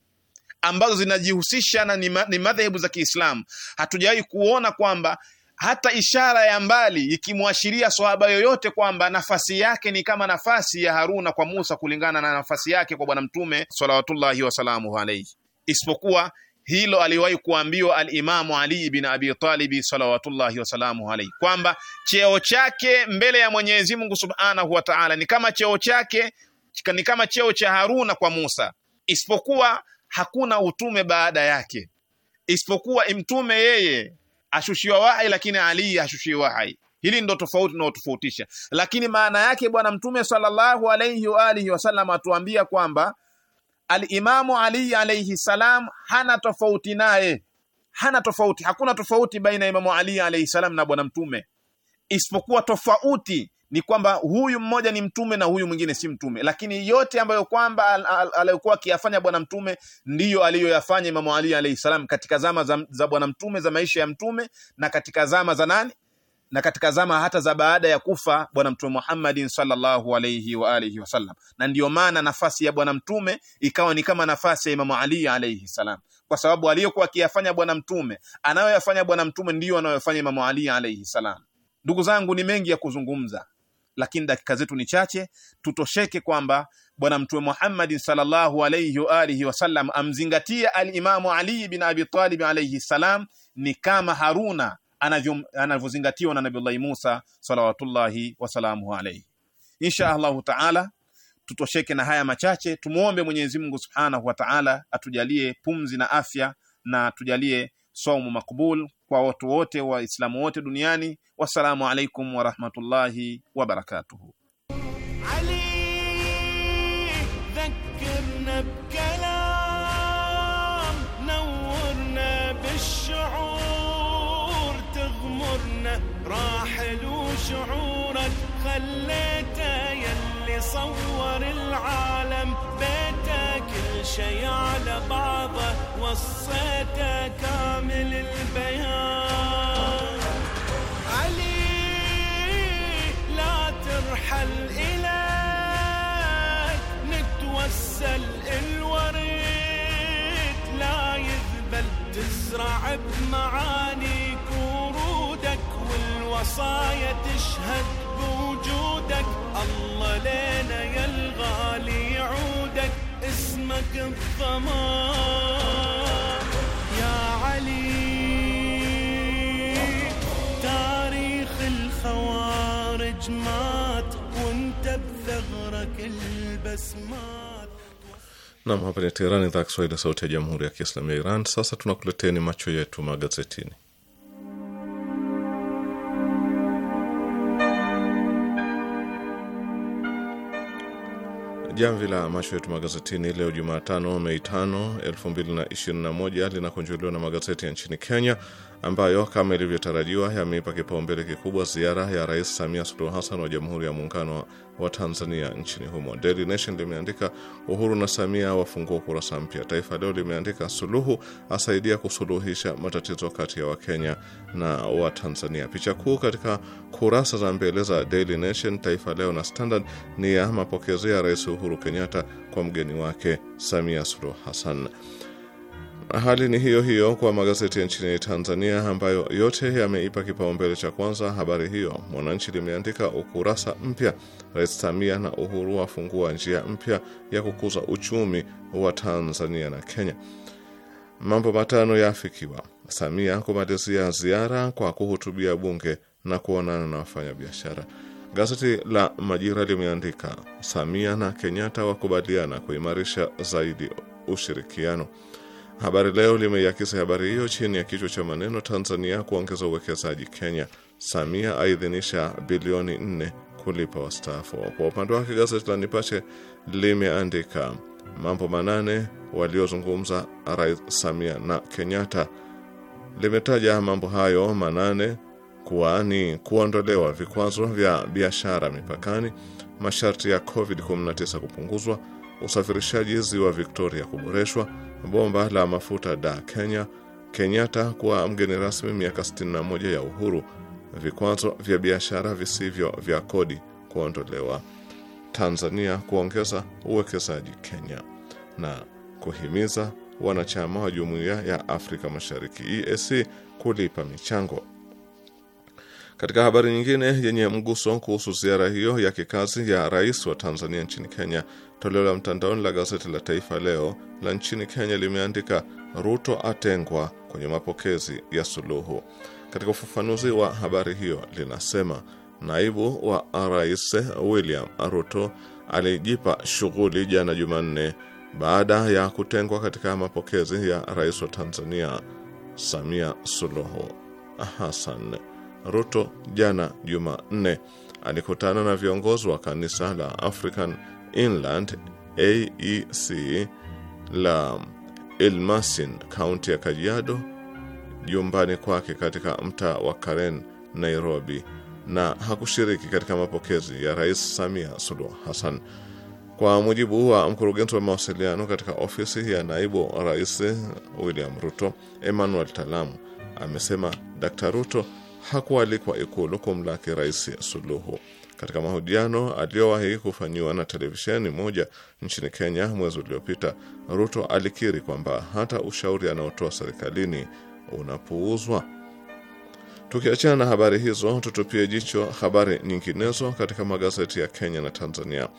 ambazo zinajihusisha na ni madhehebu za Kiislamu hatujawahi kuona kwamba hata ishara ya mbali ikimwashiria swahaba yoyote kwamba nafasi yake ni kama nafasi ya Haruna kwa Musa, kulingana na nafasi yake kwa Bwana Mtume salawatullahi wasalamu alaihi, isipokuwa hilo aliwahi kuambiwa Alimamu Ali bin Abi Talibi salawatullahi wasalamuhu alaihi kwamba cheo chake mbele ya Mwenyezi Mungu subhanahu wa taala ni kama cheo chake ni kama cheo cha Haruna kwa Musa, isipokuwa hakuna utume baada yake, isipokuwa imtume yeye ashushiwa wahi lakini Ali hashushiwi wahi Hili ndo tofauti inayotofautisha, lakini maana yake Bwana Mtume sallallahu alayhi wa alihi wasallam atuambia kwamba Alimamu Ali alayhi salam hana tofauti naye, hana tofauti, hakuna tofauti baina ya Imamu Ali alayhi salam na Bwana Mtume, isipokuwa tofauti ni kwamba huyu mmoja ni mtume na huyu mwingine si mtume, lakini yote ambayo kwamba aliyokuwa akiyafanya bwana mtume ndiyo aliyoyafanya Imamu Ali alayhi salam katika zama za, za bwana mtume za maisha ya mtume na katika zama za nani na katika zama hata za baada ya kufa bwana mtume Muhammadin sallallahu alayhi wa alihi wasallam. Na ndiyo maana nafasi ya bwana mtume ikawa ni kama nafasi ya Imamu Ali alayhi salam, kwa sababu aliyokuwa akiyafanya bwana mtume, anayoyafanya bwana mtume ndiyo anayoyafanya Imamu Ali alayhi salam. Ndugu zangu, ni mengi ya kuzungumza lakini dakika zetu ni chache, tutosheke kwamba Bwana Mtume Muhammad sallallahu alayhi wa alihi wasallam amzingatia alimamu Ali bin Abi Talib alayhi salam ni kama Haruna anavyozingatiwa na Nabiullahi Musa salawatullahi wasalamuhu alayhi. Insha Allahu taala tutosheke na haya machache. Tumuombe Mwenyezi Mungu subhanahu wa taala atujalie pumzi na afya na tujalie somo makbul kwa watu wote waislamu wote duniani wassalamu alaikum warahmatullahi wabarakatuhu راحل وشعورك خليته يلي صور العالم بيته كل شي على بعضه وصيتك كامل البيان علي لا ترحل إليك نتوسل الوريد لا يذبل تزرع بمعانيك ورودك والوصايا تشهد بوجودك الله لينا يا الغالي يعودك اسمك الضمان الخوارج مات وانت بثغرك البسمات نعم هبا تيراني ذاك سويدة صوت جمهورية كيسلام إيران ساسا تنقل ماتشو يتو ما غزتيني Jamvi la macho yetu magazetini leo Jumatano, Mei 5, 2021 linakunjuliwa na magazeti ya nchini Kenya ambayo kama ilivyotarajiwa yameipa kipaumbele kikubwa ziara ya Rais Samia Suluhu Hassan wa Jamhuri ya Muungano wa Tanzania nchini humo. Daily Nation limeandika Uhuru na Samia wafungua ukurasa mpya. Taifa Leo limeandika Suluhu asaidia kusuluhisha matatizo kati ya Wakenya na Watanzania. Picha kuu katika kurasa za mbele za Daily Nation, Taifa Leo na Standard ni ya mapokezi ya Rais Uhuru Kenyatta kwa mgeni wake Samia Suluhu Hassan. Hali ni hiyo hiyo kwa magazeti ya nchini Tanzania ambayo yote yameipa kipaumbele cha kwanza habari hiyo. Mwananchi limeandika ukurasa mpya, Rais Samia na Uhuru wafungua njia mpya ya kukuza uchumi wa Tanzania na Kenya. Mambo matano yaafikiwa, Samia kumalizia ziara kwa kuhutubia bunge na kuonana na wafanyabiashara. Gazeti la Majira limeandika Samia na Kenyatta wakubaliana kuimarisha zaidi ushirikiano. Habari Leo limeiakisi habari hiyo chini ya kichwa cha maneno, Tanzania kuongeza uwekezaji Kenya, Samia aidhinisha bilioni nne kulipa wastaafu. Kwa upande wake gazeti la Nipashe limeandika mambo manane waliozungumza Rais Samia na Kenyatta. Limetaja mambo hayo manane kuwa ni kuondolewa vikwazo vya biashara mipakani, masharti ya COVID-19 kupunguzwa usafirishaji ziwa Victoria kuboreshwa, bomba la mafuta da Kenya, Kenyatta kuwa mgeni rasmi miaka 61 ya uhuru, vikwazo vya biashara visivyo vya kodi kuondolewa, Tanzania kuongeza uwekezaji Kenya na kuhimiza wanachama wa jumuiya ya Afrika Mashariki EAC kulipa michango. Katika habari nyingine yenye mguso kuhusu ziara hiyo ya kikazi ya rais wa Tanzania nchini Kenya, Toleo la mtandaoni la gazeti la Taifa Leo la nchini Kenya limeandika Ruto atengwa kwenye mapokezi ya Suluhu. Katika ufafanuzi wa habari hiyo linasema naibu wa rais William Ruto alijipa shughuli jana Jumanne baada ya kutengwa katika mapokezi ya rais wa Tanzania Samia Suluhu Hassan. Ruto jana Jumanne alikutana na viongozi wa kanisa la African Inland AEC la Ilmasin, kaunti ya Kajiado, jumbani kwake katika mtaa wa Karen, Nairobi, na hakushiriki katika mapokezi ya Rais Samia Suluhu Hassan. Kwa mujibu wa mkurugenzi wa mawasiliano katika ofisi ya naibu rais William Ruto, Emmanuel Talamu amesema Dr. Ruto hakualikwa Ikulu kumlaki Rais Suluhu katika mahojiano aliyowahi kufanyiwa na televisheni moja nchini Kenya mwezi uliopita, Ruto alikiri kwamba hata ushauri anaotoa serikalini unapuuzwa. Tukiachana na habari hizo, tutupie jicho habari nyinginezo katika magazeti ya Kenya na Tanzania.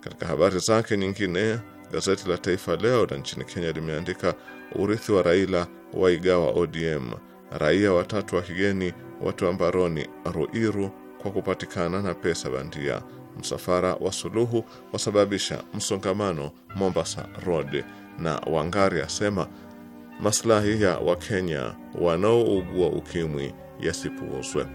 Katika habari zake nyingine, gazeti la Taifa Leo la nchini Kenya limeandika urithi wa Raila waigawa ODM, raia watatu wa kigeni watu ambaroni Ruiru kwa kupatikana na pesa bandia. Msafara wa Suluhu wasababisha msongamano Mombasa Road, na Wangari asema maslahi ya Wakenya wanaougua ukimwi yasipuuzwe.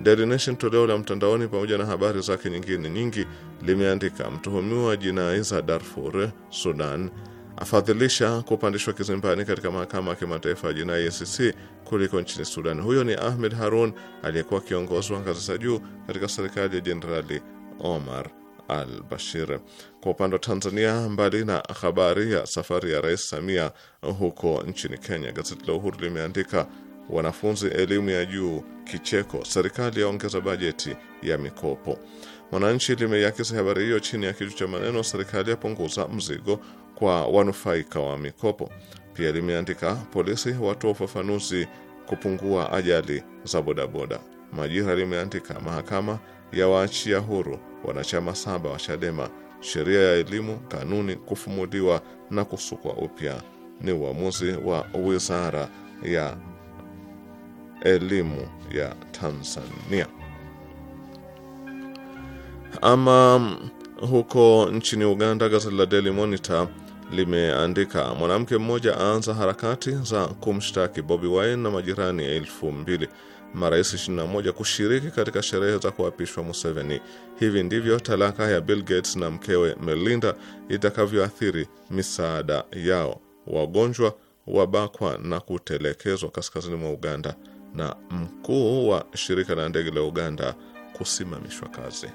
Daily Nation toleo la mtandaoni pamoja na habari zake nyingine nyingi limeandika mtuhumiwa wa jinai za Darfur, Sudan afadhilisha kupandishwa kizimbani katika mahakama ya kimataifa ya jinai ICC kuliko nchini Sudan. Huyo ni Ahmed Harun aliyekuwa kiongozi wa ngazi za juu katika serikali ya Jenerali Omar al Bashir. Kwa upande wa Tanzania, mbali na habari ya safari ya Rais Samia huko nchini Kenya, gazeti la Uhuru limeandika wanafunzi elimu ya juu kicheko, serikali yaongeza bajeti ya mikopo. Mwananchi limeiakisi habari hiyo chini ya kichwa cha maneno serikali yapunguza mzigo kwa wanufaika wa mikopo. Pia limeandika polisi watoa ufafanuzi kupungua ajali za bodaboda. Majira limeandika mahakama ya waachia huru wanachama saba wa Chadema, sheria ya elimu kanuni kufumuliwa na kusukwa upya, ni uamuzi wa wizara ya elimu ya Tanzania. Ama huko nchini Uganda, gazeti la Daily Monitor limeandika mwanamke mmoja aanza harakati za kumshtaki Bobi Wine na majirani elfu mbili marais 21 kushiriki katika sherehe za kuapishwa Museveni. Hivi ndivyo talaka ya Bill Gates na mkewe Melinda itakavyoathiri misaada yao. Wagonjwa wabakwa na kutelekezwa kaskazini mwa Uganda, na mkuu wa shirika la ndege la Uganda kusimamishwa kazi.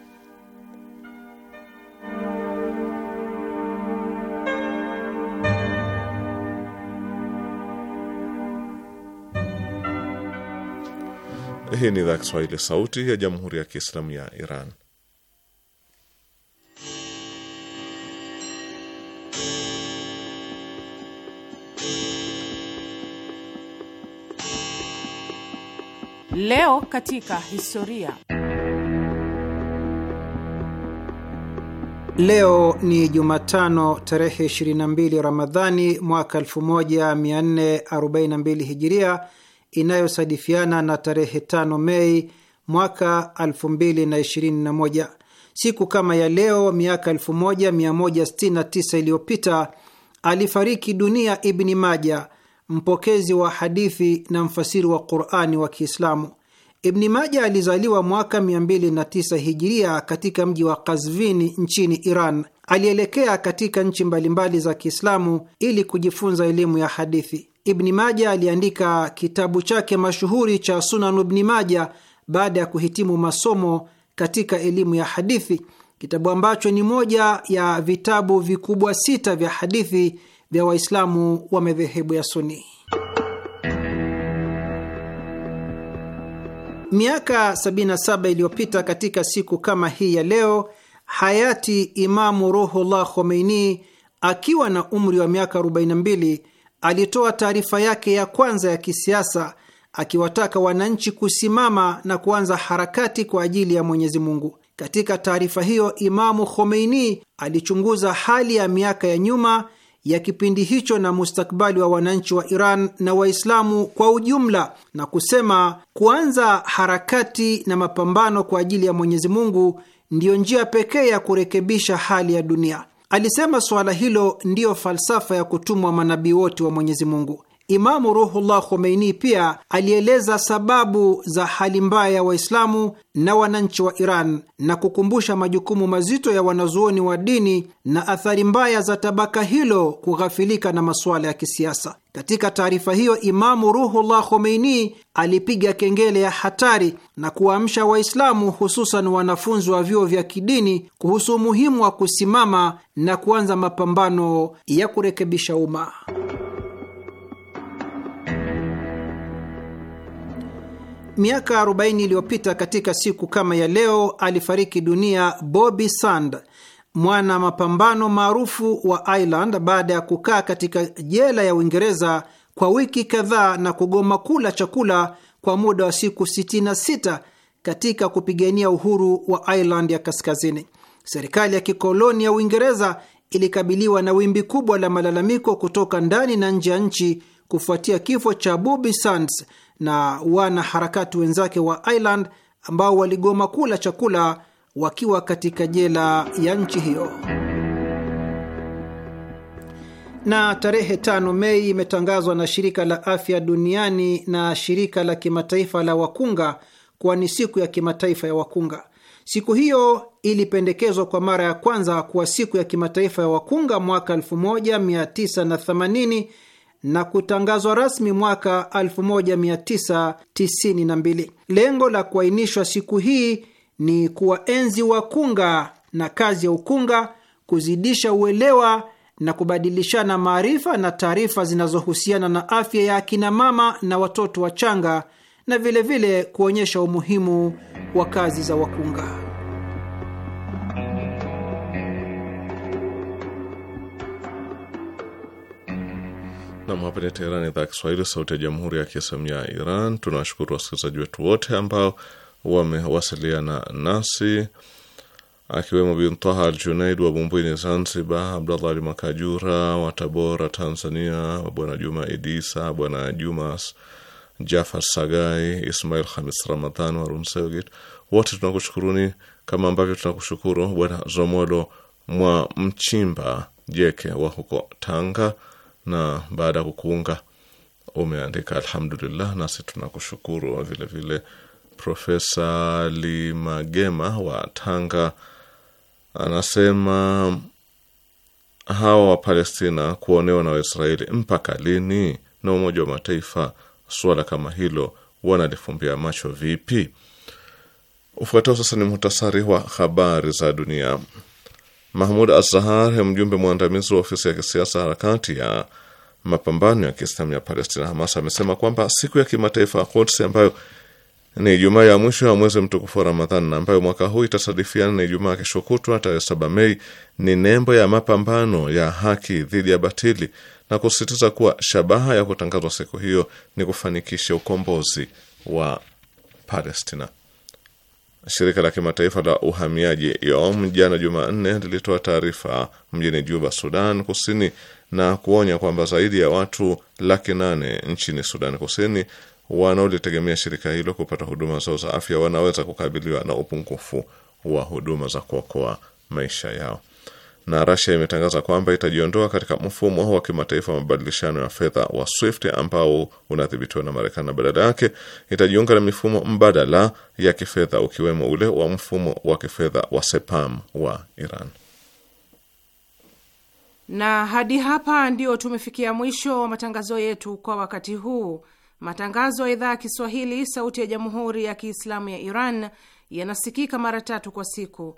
Hii ni idhaa Kiswahili sauti ya jamhuri ya Kiislamu ya Iran. Leo katika historia. Leo ni Jumatano tarehe 22 Ramadhani mwaka 1442 Hijiria inayosadifiana na tarehe 5 Mei mwaka 2021. Siku kama ya leo miaka 1169 iliyopita alifariki dunia Ibni Maja, mpokezi wa hadithi na mfasiri wa Qurani wa Kiislamu. Ibni Maja alizaliwa mwaka 209 hijiria katika mji wa Kazvini nchini Iran. Alielekea katika nchi mbalimbali za Kiislamu ili kujifunza elimu ya hadithi. Ibni Maja aliandika kitabu chake mashuhuri cha Sunanu Ibni Maja baada ya kuhitimu masomo katika elimu ya hadithi, kitabu ambacho ni moja ya vitabu vikubwa sita vya hadithi vya Waislamu wa madhehebu ya Suni. Miaka 77 iliyopita katika siku kama hii ya leo, hayati Imamu Ruhullah Khomeini akiwa na umri wa miaka 42 alitoa taarifa yake ya kwanza ya kisiasa akiwataka wananchi kusimama na kuanza harakati kwa ajili ya Mwenyezi Mungu. Katika taarifa hiyo, Imamu Khomeini alichunguza hali ya miaka ya nyuma ya kipindi hicho na mustakbali wa wananchi wa Iran na Waislamu kwa ujumla na kusema kuanza harakati na mapambano kwa ajili ya Mwenyezi Mungu ndiyo njia pekee ya kurekebisha hali ya dunia. Alisema suala hilo ndiyo falsafa ya kutumwa manabii wote wa Mwenyezi Mungu. Imamu Ruhullah Khomeini pia alieleza sababu za hali mbaya ya Waislamu na wananchi wa Iran na kukumbusha majukumu mazito ya wanazuoni wa dini na athari mbaya za tabaka hilo kughafilika na masuala ya kisiasa. Katika taarifa hiyo, Imamu Ruhullah Khomeini alipiga kengele ya hatari na kuwaamsha Waislamu, hususan wanafunzi wa vyuo vya kidini, kuhusu umuhimu wa kusimama na kuanza mapambano ya kurekebisha umma. miaka 40 iliyopita katika siku kama ya leo alifariki dunia Bobby Sand, mwana mapambano maarufu wa Ireland, baada ya kukaa katika jela ya Uingereza kwa wiki kadhaa na kugoma kula chakula kwa muda wa siku 66 katika kupigania uhuru wa Ireland ya kaskazini. Serikali ya kikoloni ya Uingereza ilikabiliwa na wimbi kubwa la malalamiko kutoka ndani na nje ya nchi kufuatia kifo cha Bobby Sands na wanaharakati wenzake wa Ireland ambao waligoma kula chakula wakiwa katika jela ya nchi hiyo. Na tarehe tano Mei imetangazwa na shirika la afya duniani na shirika la kimataifa la wakunga kuwa ni siku ya kimataifa ya wakunga. Siku hiyo ilipendekezwa kwa mara ya kwanza kuwa siku ya kimataifa ya wakunga mwaka 1980 na kutangazwa rasmi mwaka 1992. Lengo la kuainishwa siku hii ni kuwaenzi wakunga na kazi ya ukunga, kuzidisha uelewa na kubadilishana maarifa na taarifa zinazohusiana na afya ya akina mama na watoto wachanga na vilevile vile kuonyesha umuhimu wa kazi za wakunga. Nam, hapa ni Teherani, idhaa ya Kiswahili, sauti ya jamhuri ya kiislamu ya Iran. Tunawashukuru wasikilizaji wetu wote ambao wamewasiliana nasi, akiwemo Bintaha Al Junaid wa Bumbwini, Zanzibar, Abdallah Ali Makajura wa Tabora, Tanzania, Bwana Juma Idisa, Bwana Juma Jafar Sagai, Ismail Hamis Ramadhan wa wote tunakushukuruni kama ambavyo tunakushukuru Bwana Zomolo mwa Mchimba Jeke wa huko Tanga na baada ya kukuunga umeandika alhamdulillah, nasi tunakushukuru vilevile. Profesa Limagema wa Tanga anasema hawa wa Palestina kuonewa na Waisraeli mpaka lini? Na Umoja wa Mataifa suala kama hilo wanalifumbia macho vipi? Ufuatao sasa ni muhtasari wa habari za dunia. Mahmud Azahar, mjumbe mwandamizi wa ofisi ya kisiasa harakati ya mapambano ya Kiislamu ya Palestina, Hamas, amesema kwamba siku ya kimataifa ya Quds ambayo ni Ijumaa ya mwisho ya mwezi mtukufu wa Ramadhani na ambayo mwaka huu itasadifiana na Ijumaa kesho kutwa tarehe 7 Mei ni nembo ya mapambano ya haki dhidi ya batili na kusisitiza kuwa shabaha ya kutangazwa siku hiyo ni kufanikisha ukombozi wa Palestina. Shirika la kimataifa la uhamiaji yom jana Jumanne lilitoa taarifa mjini Juba, Sudan Kusini, na kuonya kwamba zaidi ya watu laki nane nchini Sudan Kusini wanaolitegemea shirika hilo kupata huduma zao za afya wanaweza kukabiliwa na upungufu wa huduma za kuokoa maisha yao na Russia imetangaza kwamba itajiondoa katika mfumo wa kimataifa wa mabadilishano ya fedha wa SWIFT ambao unadhibitiwa na Marekani na badala yake itajiunga na mifumo mbadala ya kifedha ukiwemo ule wa mfumo wa kifedha wa SEPAM wa Iran. Na hadi hapa ndio tumefikia mwisho wa matangazo yetu kwa wakati huu. Matangazo ya idhaa ya Kiswahili sauti ya Jamhuri ya Kiislamu ya Iran yanasikika mara tatu kwa siku